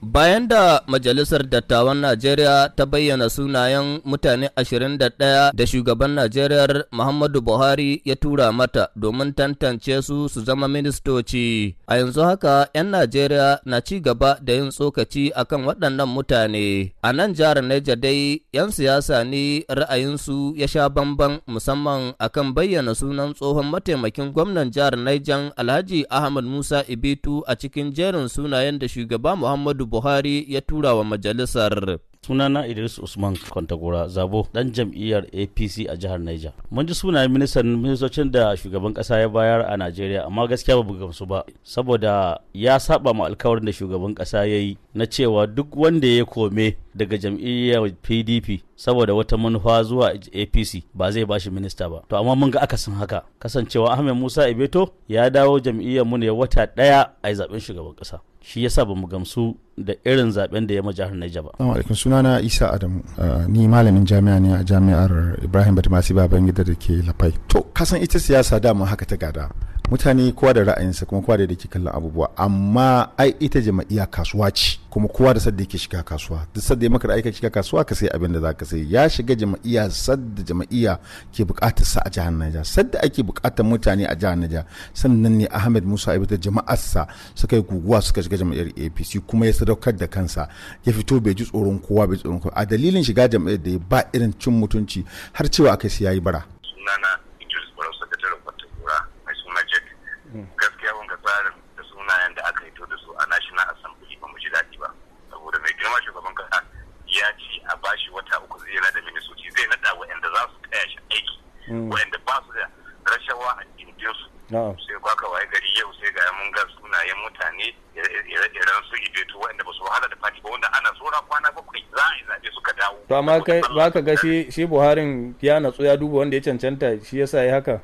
Bayan da Majalisar Dattawan Najeriya ta bayyana sunayen mutane 21 da shugaban Najeriya Muhammadu Buhari ya tura mata domin tantance su su zama ministoci, a yanzu haka 'yan Najeriya na ci gaba da yin tsokaci a kan waɗannan mutane. A nan jihar Niger dai 'yan siyasa ne ra'ayinsu ya sha bamban musamman a kan bayyana sunan tsohon mataimakin gwamnan jihar Niger Alhaji Ahmad Musa Ibitu a cikin jerin sunayen da shugaba Muhammadu Buhari ya tura wa majalisar. sunana idris usman kwantagora zabo dan jam'iyyar apc a jihar niger mun ji sunayen ministan ministocin da shugaban ƙasa ya bayar a najeriya amma gaskiya ba gamsu ba saboda ya saba ma alkawarin da shugaban ƙasa ya yi na cewa duk wanda ya kome daga jam'iyyar pdp saboda wata manufa zuwa apc ba zai bashi minista ba to amma mun ga akasin haka kasancewa ahmed musa ibeto ya dawo jam'iyyar mu ne wata ɗaya a zaɓen shugaban ƙasa shi yasa ba mu gamsu da irin zaben da ya ma jihar Niger ba. Assalamu alaikum sunana Isa Adamu uh, ni malamin jami'a ne a jami'ar Ibrahim Badmasi Babangida da ke Lafai. To kasan ita siyasa dama haka ta gada. mutane kowa da ra'ayinsa kuma kowa da yake kallon abubuwa amma ai ita jama'iya kasuwa ce kuma kowa da sadda yake shiga kasuwa duk sadda ya maka da aika shiga kasuwa ka sai abin da za ka sai ya shiga jama'iya sadda jama'iya ke bukatar sa a jihar Niger sadda ake bukatar mutane a jihar Niger sannan ne Ahmed Musa Ibita jama'ar sa suka yi guguwa suka shiga jama'iyar APC kuma ya sadaukar da kansa ya fito bai ji tsoron kowa bai tsoron kowa a dalilin shiga jama'iyar da ya ba irin cin mutunci har cewa akai sai yayi bara shi wata uku zai yana da ministoci zai nada wa'anda za su kaya shi aiki hmm. wa'anda ba su da rashawa a jirgin su sai kwaka waye gari yau sai ga mun ga sunayen mutane ire-iren su ibeto wa'anda ba su wahala da fati ba wanda ana tsora kwana bakwai za a yi zaɓe suka dawo. to amma ba ka ga shi buharin ya natsu ya duba wanda ya cancanta shi yasa ya haka.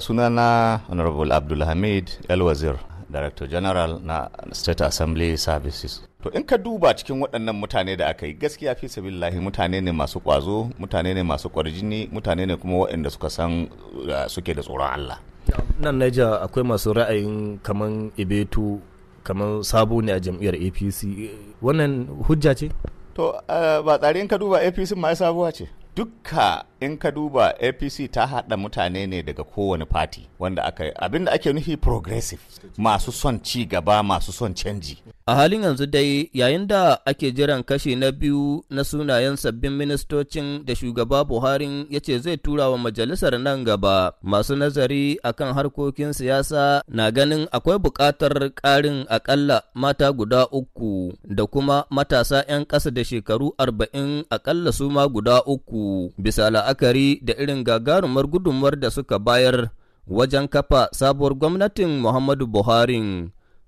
sunana honorable abdulhamid elwazir director general na state assembly services to in ka duba cikin waɗannan mutane da aka yi gaskiya fi sabillahi mutane ne masu ƙwazo mutane ne masu ƙwarjini mutane ne kuma waɗanda suka san uh, suke da tsoron allah nan naija akwai masu ra'ayin kamar ibetu kaman sabo ne a jam'iyyar apc wannan hujja ce to uh, ba tsari in ka duba apc ma sabuwa ce dukka in ka duba apc ta haɗa mutane ne daga kowane fati wanda aka abinda ake nufi progressive masu son ci gaba masu son canji A halin yanzu dai yayin da ake jiran kashi na biyu na sunayen sabbin ministocin da shugaba Buhari ya ce zai tura wa majalisar nan gaba masu nazari akan harkokin siyasa na ganin akwai buƙatar ƙarin aƙalla mata guda uku da kuma matasa 'yan ƙasa da shekaru arba'in aƙalla su ma guda uku bisa la'akari da irin gagarumar gudunmuwar da suka bayar wajen kafa sabuwar gwamnatin Muhammadu Buhari.